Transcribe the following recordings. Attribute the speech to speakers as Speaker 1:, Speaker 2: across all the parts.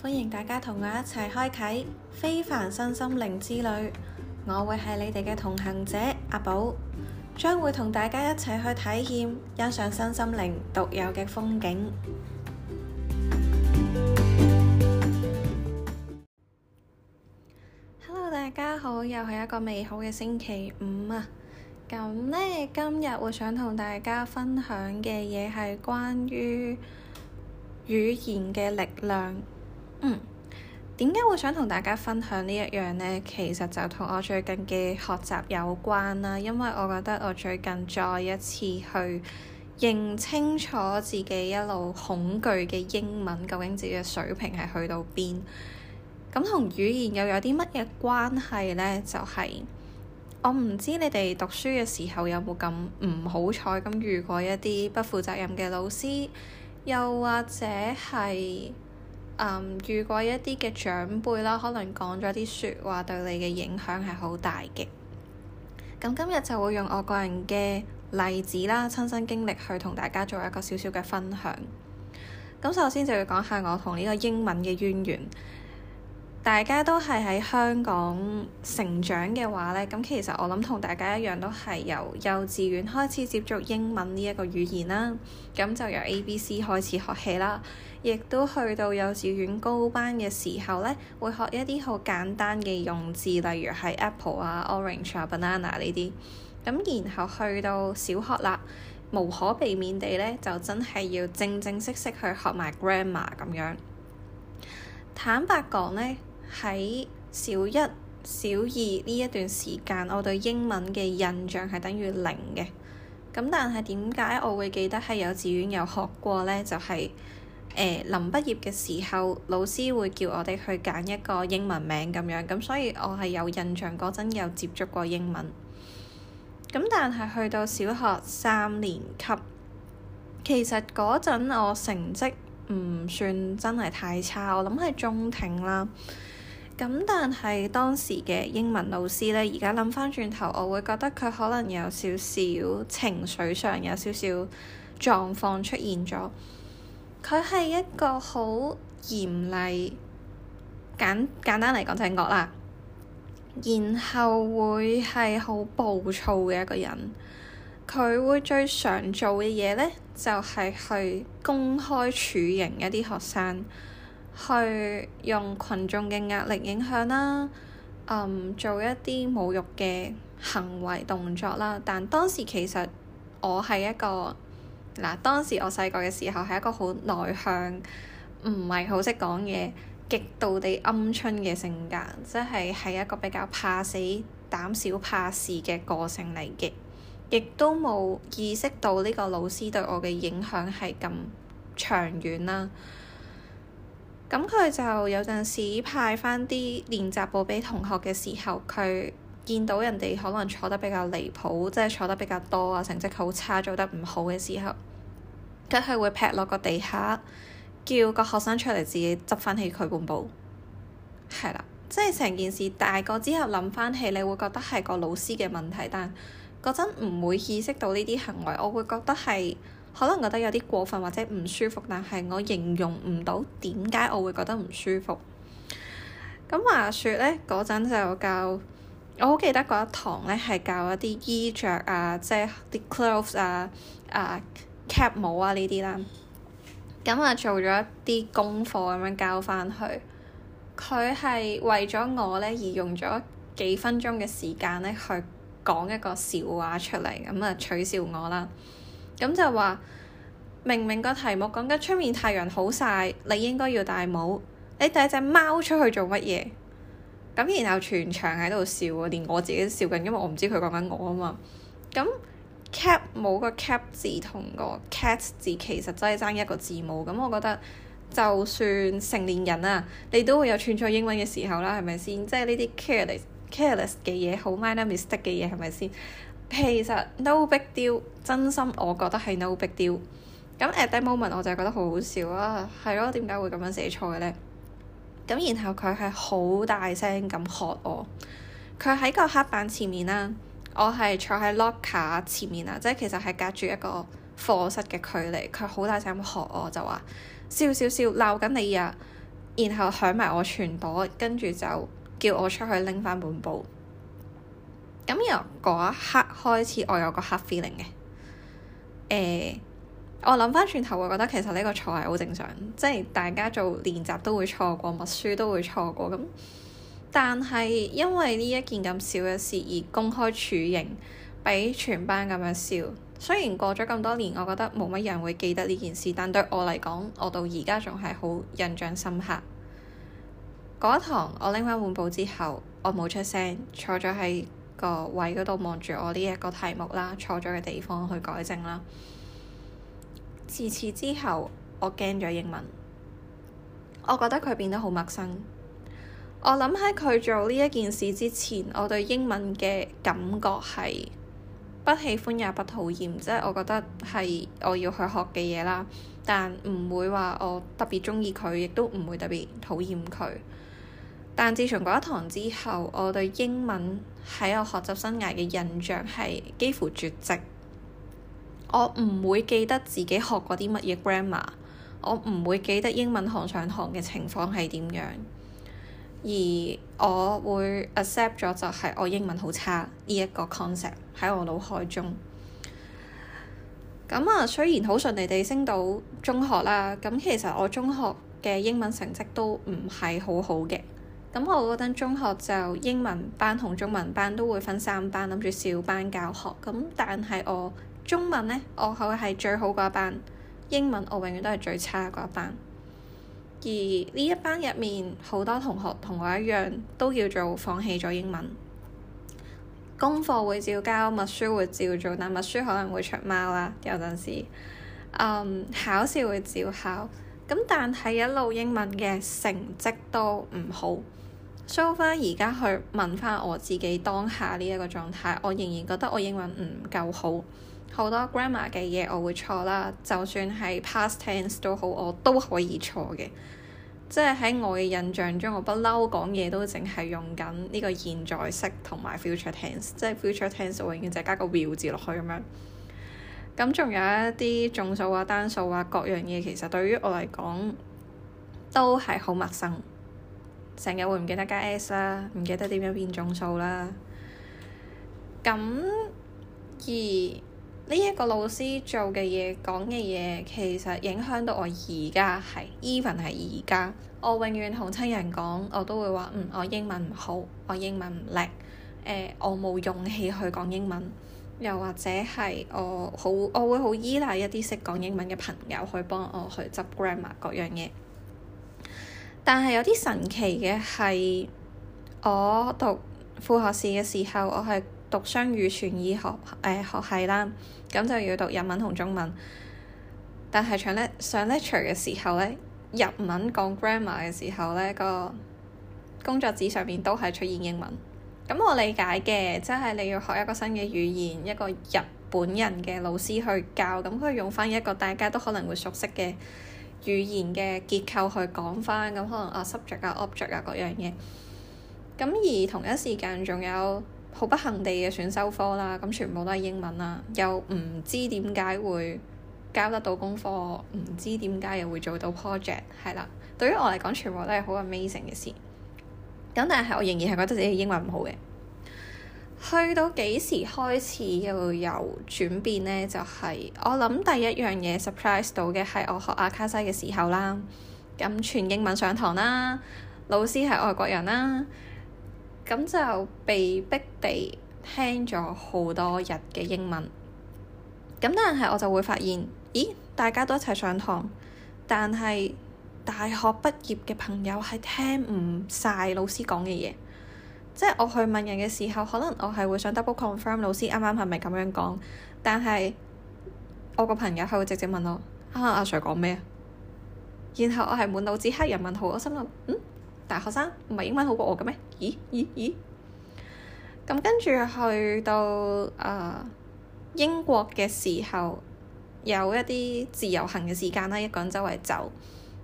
Speaker 1: 歡迎大家同我一齊開啟非凡身心靈之旅，我會係你哋嘅同行者阿寶，將會同大家一齊去體驗欣賞身心靈獨有嘅風景。Hello，大家好，又係一個美好嘅星期五啊！咁呢，今日我想同大家分享嘅嘢係關於語言嘅力量。嗯，點解會想同大家分享呢一樣呢？其實就同我最近嘅學習有關啦。因為我覺得我最近再一次去認清楚自己一路恐懼嘅英文，究竟自己嘅水平係去到邊？咁同語言又有啲乜嘢關係呢？就係我唔知你哋讀書嘅時候有冇咁唔好彩咁遇過一啲不負責任嘅老師，又或者係，遇過、um, 一啲嘅長輩啦，可能講咗啲説話對你嘅影響係好大嘅。咁今日就會用我個人嘅例子啦，親身經歷去同大家做一個小小嘅分享。咁首先就要講下我同呢個英文嘅淵源。大家都係喺香港成長嘅話呢，咁其實我諗同大家一樣，都係由幼稚園開始接觸英文呢一個語言啦。咁就由 A B C 開始學起啦，亦都去到幼稚園高班嘅時候呢，會學一啲好簡單嘅用字，例如係 apple 啊、orange 啊、banana 呢啲。咁然後去到小學啦，無可避免地呢，就真係要正正式式去學埋 grammar 咁樣。坦白講呢，喺小一小二呢一段時間，我對英文嘅印象係等於零嘅。咁但係點解我會記得喺幼稚園有學過呢？就係誒臨畢業嘅時候，老師會叫我哋去揀一個英文名咁樣。咁所以我係有印象嗰陣有接觸過英文。咁但係去到小學三年級，其實嗰陣我成績唔算真係太差，我諗係中挺啦。咁但係當時嘅英文老師呢，而家諗翻轉頭，我會覺得佢可能有少少情緒上有少少狀況出現咗。佢係一個好嚴厲、簡簡單嚟講就係惡啦，然後會係好暴躁嘅一個人。佢會最常做嘅嘢呢，就係去公開處刑一啲學生。去用群眾嘅壓力影響啦，嗯，做一啲侮辱嘅行為動作啦。但當時其實我係一個嗱，當時我細個嘅時候係一個好內向，唔係好識講嘢，極度地鵪鶉嘅性格，即係係一個比較怕死、膽小怕事嘅個性嚟嘅，亦都冇意識到呢個老師對我嘅影響係咁長遠啦。咁佢就有陣時派翻啲練習簿俾同學嘅時候，佢見到人哋可能錯得比較離譜，即係錯得比較多啊，成績好差，做得唔好嘅時候，咁佢會劈落個地下，叫個學生出嚟自己執翻起佢本簿。係啦，即係成件事大個之後諗翻起，你會覺得係個老師嘅問題，但嗰陣唔會意識到呢啲行為，我會覺得係。可能覺得有啲過分或者唔舒服，但係我形容唔到點解我會覺得唔舒服。咁話說呢，嗰陣就教，我好記得嗰一堂呢係教一啲衣着啊，即係啲 clothes 啊、啊 cap 帽啊呢啲啦。咁啊，做咗一啲功課咁樣交翻去，佢係為咗我呢而用咗幾分鐘嘅時間呢去講一個笑話出嚟，咁啊取笑我啦。咁就話，明明個題目講緊出面太陽好晒，你應該要戴帽。你帶隻貓出去做乜嘢？咁然後全場喺度笑啊，連我自己都笑緊，因為我唔知佢講緊我啊嘛。咁 cap 冇個 cap 字同個 cat 字其實真係爭一個字母。咁我覺得，就算成年人啊，你都會有串錯英文嘅時候啦，係咪先？即係呢啲 careless careless 嘅嘢，好 minor mistake 嘅嘢係咪先？其實 no big deal，真心我覺得係 no big deal。咁 at that moment 我就覺得好好笑啊，係、啊、咯，點解會咁樣寫錯嘅咧？咁然後佢係好大聲咁喝我，佢喺個黑板前面啦、啊，我係坐喺 locker 前面啦、啊，即係其實係隔住一個課室嘅距離。佢好大聲咁喝我就話：笑笑笑鬧緊你啊！然後響埋我全朵，跟住就叫我出去拎翻本簿。咁由嗰一刻開始，我有個黑 feeling 嘅。誒、uh，我諗返轉頭，我覺得其實呢個錯係好正常，即係大家做練習都會錯過，默書都會錯過。咁但係因為呢一件咁小嘅事而公開處刑，俾全班咁樣笑。雖然過咗咁多年，我覺得冇乜人會記得呢件事，但對我嚟講，我到而家仲係好印象深刻。嗰一堂我拎返滿寶之後，我冇出聲，坐咗喺個位嗰度望住我呢一個題目啦，錯咗嘅地方去改正啦。自此之後，我驚咗英文，我覺得佢變得好陌生。我諗喺佢做呢一件事之前，我對英文嘅感覺係不喜歡也不討厭，即係我覺得係我要去學嘅嘢啦，但唔會話我特別鍾意佢，亦都唔會特別討厭佢。但自從嗰一堂之後，我對英文喺我學習生涯嘅印象係幾乎絕跡。我唔會記得自己學過啲乜嘢 grammar，我唔會記得英文堂上堂嘅情況係點樣，而我會 accept 咗就係我英文好差呢一個 concept 喺我腦海中。咁啊，雖然好順利地升到中學啦，咁其實我中學嘅英文成績都唔係好好嘅。咁我嗰陣中學就英文班同中文班都會分三班，諗住小班教學。咁但係我中文呢，我考係最好嗰班；英文我永遠都係最差嗰班。而呢一班入面好多同學同我一樣，都叫做放棄咗英文。功課會照交，默書會照做，但默書可能會出貓啦。有陣時，嗯，考試會照考。咁但係一路英文嘅成績都唔好。so 翻而家去問翻我自己當下呢一個狀態，我仍然覺得我英文唔夠好，好多 grammar 嘅嘢我會錯啦。就算係 past tense 都好，我都可以錯嘅。即係喺我嘅印象中，我不嬲講嘢都淨係用緊呢個現在式同埋 future tense。即係 future tense，我永遠就係加個 will 字落去咁樣。咁仲有一啲眾數啊、單數啊、各樣嘢，其實對於我嚟講都係好陌生。成日會唔記得加 s 啦，唔記得點樣變眾數啦。咁而呢一個老師做嘅嘢講嘅嘢，其實影響到我而家係 even 係而家，我永遠同親人講我都會話，嗯，我英文唔好，我英文唔叻，誒、呃，我冇勇氣去講英文。又或者係我好，我會好依賴一啲識講英文嘅朋友去幫我去執 grammar 各樣嘢。但係有啲神奇嘅係，我讀副學士嘅時候，我係讀雙語傳意學誒學系啦，咁就要讀日文同中文。但係上咧上 lecture 嘅時候咧，日文講 grammar 嘅時候咧，個工作紙上面都係出現英文。咁我理解嘅，即係你要學一個新嘅語言，一個日本人嘅老師去教，咁佢用翻一個大家都可能會熟悉嘅。語言嘅結構去講返，咁可能啊 subject 啊 object 啊嗰樣嘢，咁而同一時間仲有好不幸地嘅選修科啦，咁全部都係英文啦，又唔知點解會交得到功課，唔知點解又會做到 project，係啦，對於我嚟講全部都係好 amazing 嘅事，咁但係我仍然係覺得自己英文唔好嘅。去到幾時開始又有轉變呢？就係我諗第一樣嘢 surprise 到嘅係我學阿卡西嘅時候啦。咁全英文上堂啦，老師係外國人啦，咁就被逼地聽咗好多日嘅英文。咁但係我就會發現，咦，大家都一齊上堂，但係大學畢業嘅朋友係聽唔晒老師講嘅嘢，即係我去問人嘅時候，可能我係會想 double confirm 老師啱啱係咪咁樣講，但係我個朋友係會直接問我啊，阿 Sir 講咩？然後我係滿腦子黑人問號，我心諗，嗯，大學生唔係英文好過我嘅咩？咦咦咦！咁跟住去到啊、呃、英國嘅時候，有一啲自由行嘅時間啦，一個人周圍走，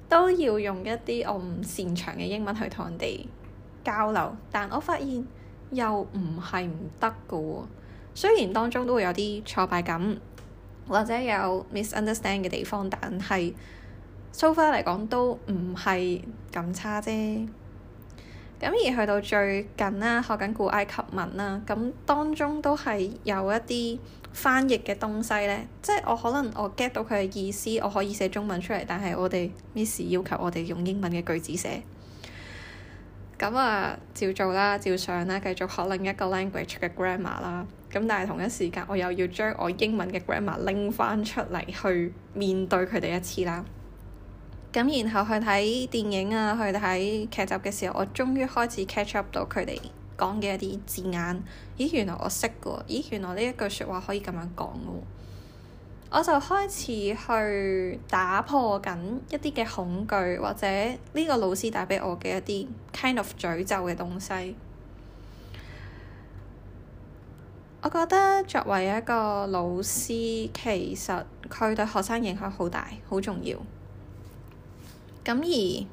Speaker 1: 都要用一啲我唔擅長嘅英文去同人哋，交流，但我發現又唔係唔得嘅喎。雖然當中都會有啲挫敗感，或者有 misunderstand 嘅地方，但係 so far 嚟講都唔係咁差啫。咁而去到最近啦，學緊古埃及文啦，咁當中都係有一啲翻譯嘅東西咧。即係我可能我 get 到佢嘅意思，我可以寫中文出嚟，但係我哋 Miss 要求我哋用英文嘅句子寫。咁啊，照做啦，照上啦，繼續學另一個 language 嘅 grammar 啦。咁但係同一時間，我又要將我英文嘅 grammar 拎翻出嚟去面對佢哋一次啦。咁然後去睇電影啊，去睇劇集嘅時候，我終於開始 catch up 到佢哋講嘅一啲字眼。咦，原來我識嘅喎！咦，原來呢一句説話可以咁樣講嘅喎！我就開始去打破緊一啲嘅恐懼，或者呢個老師帶畀我嘅一啲 kind of 詛咒嘅東西。我覺得作為一個老師，其實佢對學生影響好大，好重要。咁而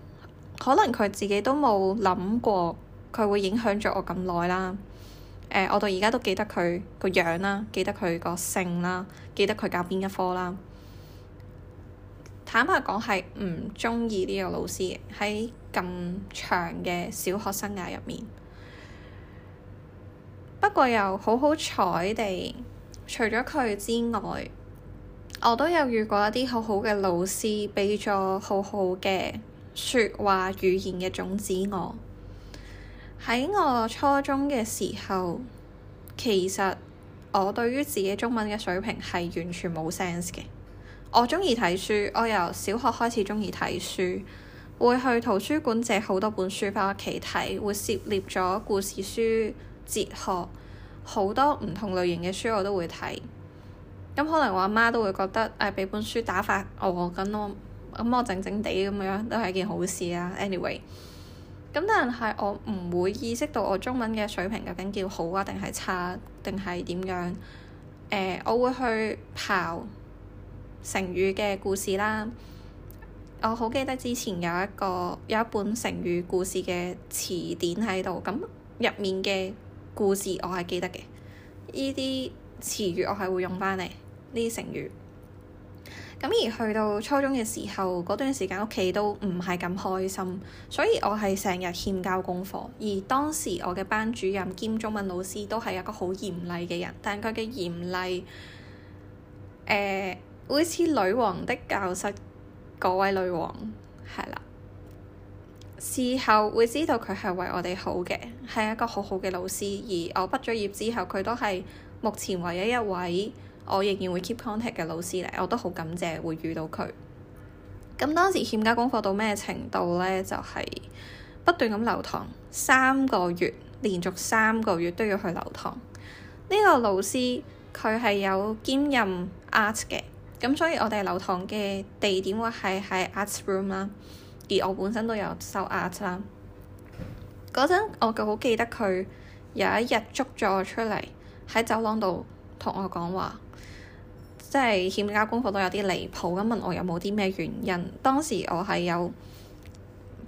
Speaker 1: 可能佢自己都冇諗過，佢會影響咗我咁耐啦。我到而家都記得佢個樣啦，記得佢個姓啦，記得佢教邊一科啦。坦白講係唔鍾意呢個老師嘅，喺咁長嘅小學生涯入面。不過又好好彩地，除咗佢之外，我都有遇過一啲好好嘅老師，畀咗好好嘅説話語言嘅種子我。喺我初中嘅時候，其實我對於自己中文嘅水平係完全冇 sense 嘅。我中意睇書，我由小學開始中意睇書，會去圖書館借好多本書返屋企睇，會涉獵咗故事書、哲學好多唔同類型嘅書我都會睇。咁可能我阿媽都會覺得，誒、哎、俾本書打發、哦、我咁咯，咁我靜靜地咁樣都係一件好事啊。」Anyway。咁但係我唔會意識到我中文嘅水平究竟叫好啊，定係差啊，定係點樣啊？誒，呃，我會去刨成語嘅故事啦。我好記得之前有一個有一本成語故事嘅詞典喺度，咁入面嘅故事我係記得嘅。呢啲詞語我係會用返嚟呢啲成語。咁而去到初中嘅時候，嗰段時間屋企都唔係咁開心，所以我係成日欠交功課。而當時我嘅班主任兼中文老師都係一個好嚴厲嘅人，但佢嘅嚴厲，誒會似女王的教室，嗰位女王，係啦。事後會知道佢係為我哋好嘅，係一個好好嘅老師。而我畢咗業之後，佢都係目前唯一一位，我仍然會 keep contact 嘅老師嚟，我都好感謝會遇到佢。咁當時欠交功課到咩程度咧？就係不斷咁留堂三個月，連續三個月都要去留堂。呢個老師佢係有兼任 art 嘅，咁所以我哋留堂嘅地點會係喺 art room 啦。而我本身都有修 art 啦。嗰陣我就好記得佢有一日捉咗我出嚟喺走廊度同我講話。即係欠交功課都有啲離譜，咁問我有冇啲咩原因？當時我係有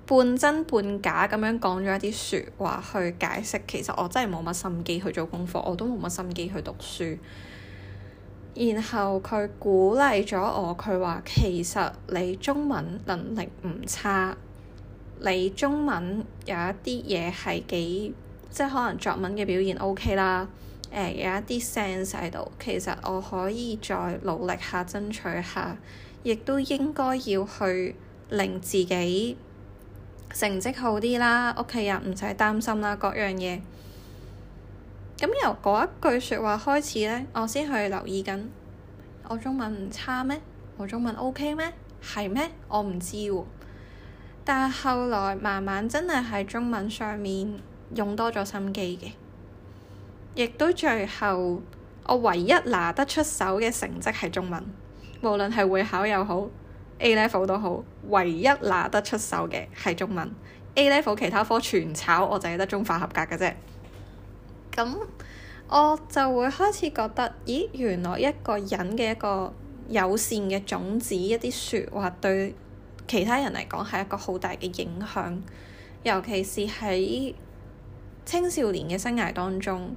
Speaker 1: 半真半假咁樣講咗一啲説話去解釋，其實我真係冇乜心機去做功課，我都冇乜心機去讀書。然後佢鼓勵咗我，佢話其實你中文能力唔差，你中文有一啲嘢係幾，即係可能作文嘅表現 OK 啦。誒、呃、有一啲 sense 喺度，其實我可以再努力下爭取下，亦都應該要去令自己成績好啲啦，屋企人唔使擔心啦，各樣嘢。咁由嗰一句説話開始咧，我先去留意緊，我中文唔差咩？我中文 O.K. 咩？係咩？我唔知喎。但係後來慢慢真係喺中文上面用多咗心機嘅。亦都最後，我唯一拿得出手嘅成績係中文，無論係會考又好 A level 都好，唯一拿得出手嘅係中文 A level 其他科全炒，我就係得中化合格嘅啫。咁我就會開始覺得，咦，原來一個人嘅一個友善嘅種子，一啲説話對其他人嚟講係一個好大嘅影響，尤其是喺青少年嘅生涯當中。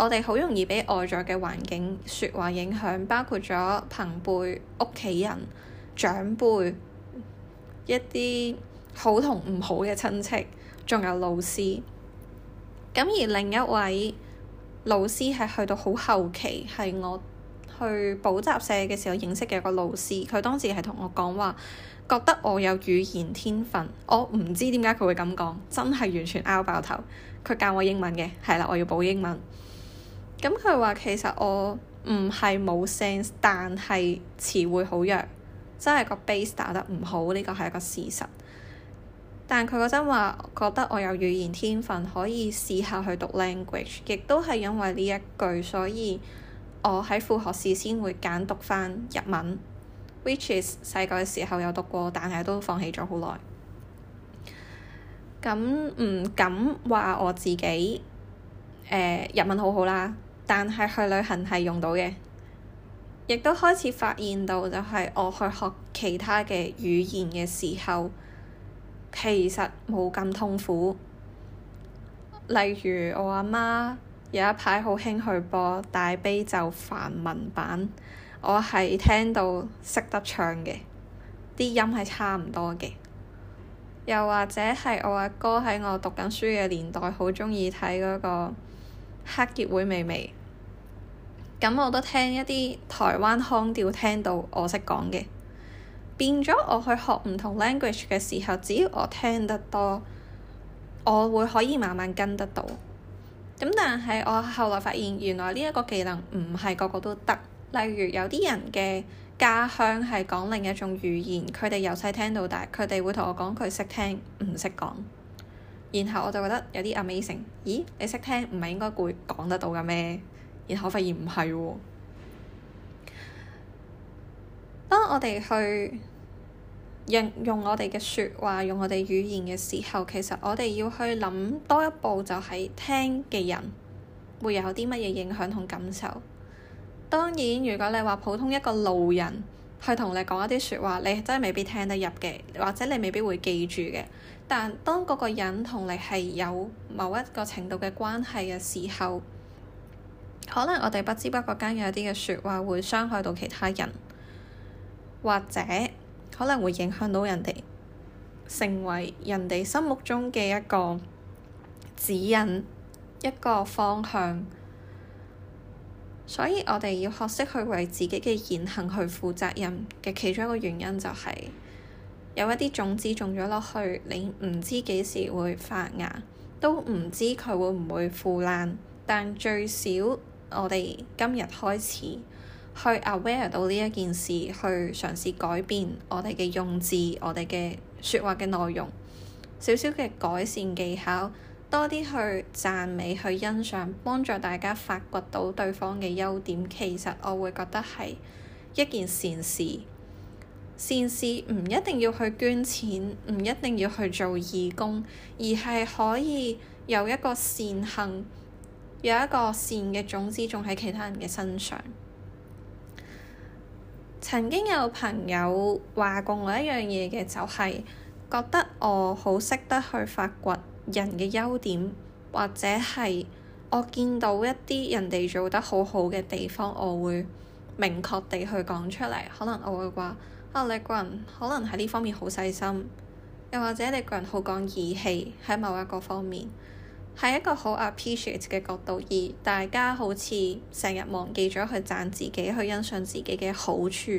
Speaker 1: 我哋好容易俾外在嘅環境説話影響，包括咗朋輩、屋企人、長輩、一啲好同唔好嘅親戚，仲有老師。咁而另一位老師係去到好後期，係我去補習社嘅時候認識嘅一個老師。佢當時係同我講話，覺得我有語言天分。我唔知點解佢會咁講，真係完全拗爆頭。佢教我英文嘅，係啦，我要補英文。咁佢話其實我唔係冇 sense，但係詞彙好弱，真係個 base 打得唔好，呢個係一個事實。但佢嗰陣話覺得我有語言天分，可以試下去讀 language，亦都係因為呢一句，所以我喺副學士先會揀讀返日文，which is 細個嘅時候有讀過，但係都放棄咗好耐。咁唔敢話我自己誒、呃、日文好好啦。但係去旅行係用到嘅，亦都開始發現到就係我去學其他嘅語言嘅時候，其實冇咁痛苦。例如我阿媽有一排好興去播大悲咒梵文版，我係聽到識得唱嘅，啲音係差唔多嘅。又或者係我阿哥喺我讀緊書嘅年代，那個，好鍾意睇嗰個黑澀會美眉。咁我都聽一啲台灣腔調聽到我識講嘅，變咗我去學唔同 language 嘅時候，只要我聽得多，我會可以慢慢跟得到。咁但係我後來發現，原來呢一個技能唔係個個都得。例如有啲人嘅家鄉係講另一種語言，佢哋由細聽到大，佢哋會同我講佢識聽唔識講。然後我就覺得有啲 amazing，咦？你識聽唔係應該會講得到㗎咩？然後發現唔係喎。當我哋去用用我哋嘅説話，用我哋語言嘅時候，其實我哋要去諗多一步，就係聽嘅人會有啲乜嘢影響同感受。當然，如果你話普通一個路人去同你講一啲説話，你真係未必聽得入嘅，或者你未必會記住嘅。但當嗰個人同你係有某一個程度嘅關係嘅時候，可能我哋不知不覺間有啲嘅説話會傷害到其他人，或者可能會影響到人哋，成為人哋心目中嘅一個指引，一個方向。所以我哋要學識去為自己嘅言行去負責任嘅其中一個原因，就係，就係有一啲種子種咗落去，你唔知幾時會發芽，都唔知佢會唔會腐爛，但最少，我哋今日開始去 aware 到呢一件事，去嘗試改變我哋嘅用字、我哋嘅説話嘅內容，少少嘅改善技巧，多啲去讚美、去欣賞，幫助大家發掘到對方嘅優點。其實我會覺得係一件善事。善事唔一定要去捐錢，唔一定要去做義工，而係可以有一個善行。有一個善嘅種子，種喺其他人嘅身上。曾經有朋友話過我一樣嘢嘅，就係、是，覺得我好識得去發掘人嘅優點，或者係我見到一啲人哋做得好好嘅地方，我會明確地去講出嚟。可能我會話啊，你個人可能喺呢方面好細心，又或者你個人好講義氣喺某一個方面。係一個好 appreciate 嘅角度，而大家好似成日忘記咗去讚自己，去欣賞自己嘅好處。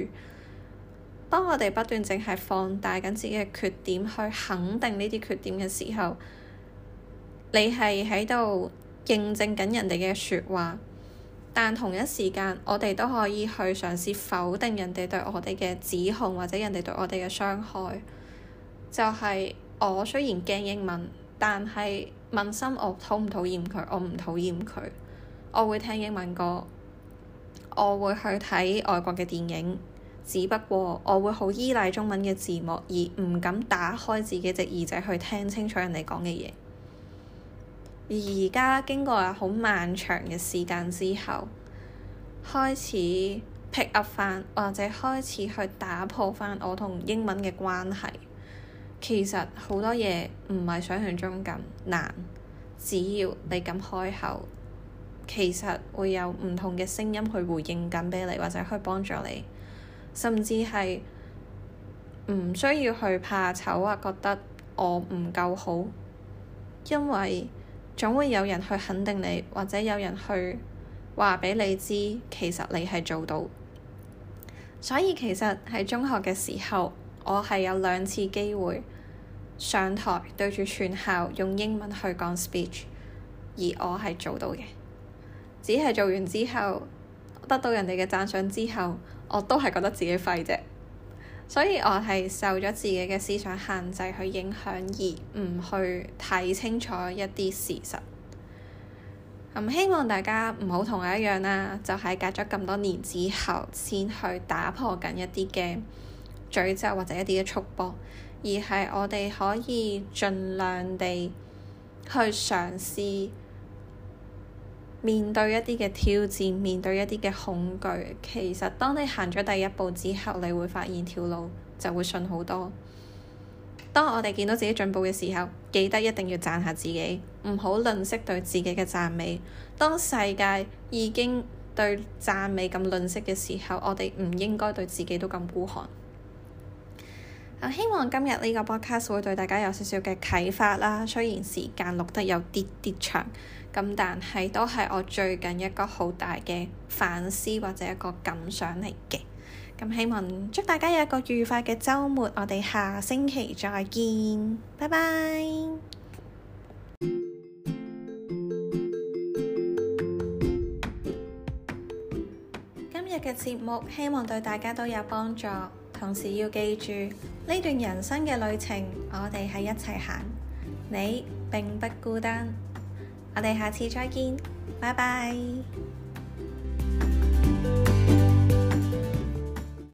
Speaker 1: 當我哋不斷淨係放大緊自己嘅缺點，去肯定呢啲缺點嘅時候，你係喺度認證緊人哋嘅説話，但同一時間我哋都可以去嘗試否定人哋對我哋嘅指控，或者人哋對我哋嘅傷害。就係我雖然驚英文。但係問心我討討，我討唔討厭佢？我唔討厭佢，我會聽英文歌，我會去睇外國嘅電影。只不過我會好依賴中文嘅字幕，而唔敢打開自己隻耳仔去聽清楚人哋講嘅嘢。而家經過好漫長嘅時間之後，開始 pick up 翻，或者開始去打破翻我同英文嘅關係。其實好多嘢唔係想像中咁難，只要你敢開口，其實會有唔同嘅聲音去回應緊畀你，或者去幫助你，甚至係唔需要去怕醜啊，或覺得我唔夠好，因為總會有人去肯定你，或者有人去話畀你知，其實你係做到，所以其實喺中學嘅時候，我係有兩次機會上台對住全校用英文去講 speech，而我係做到嘅。只係做完之後得到人哋嘅讚賞之後，我都係覺得自己廢啫。所以我係受咗自己嘅思想限制去影響，而唔去睇清楚一啲事實。咁、嗯、希望大家唔好同我一樣啦，就係、是、隔咗咁多年之後先去打破緊一啲 game。詛咒或者一啲嘅束縛，而係我哋可以盡量地去嘗試面對一啲嘅挑戰，面對一啲嘅恐懼。其實當你行咗第一步之後，你會發現條路就會順好多。當我哋見到自己進步嘅時候，記得一定要讚下自己，唔好吝嗇對自己嘅讚美。當世界已經對讚美咁吝嗇嘅時候，我哋唔應該對自己都咁孤寒。希望今日呢個 podcast 會對大家有少少嘅啟發啦，雖然時間錄得有啲啲長，咁但係都係我最近一個好大嘅反思或者一個感想嚟嘅。咁希望祝大家有一個愉快嘅周末，我哋下星期再見，拜拜。今日嘅節目希望對大家都有幫助。同時要記住，呢段人生嘅旅程，我哋喺一齊行，你並不孤單。我哋下次再見，拜拜。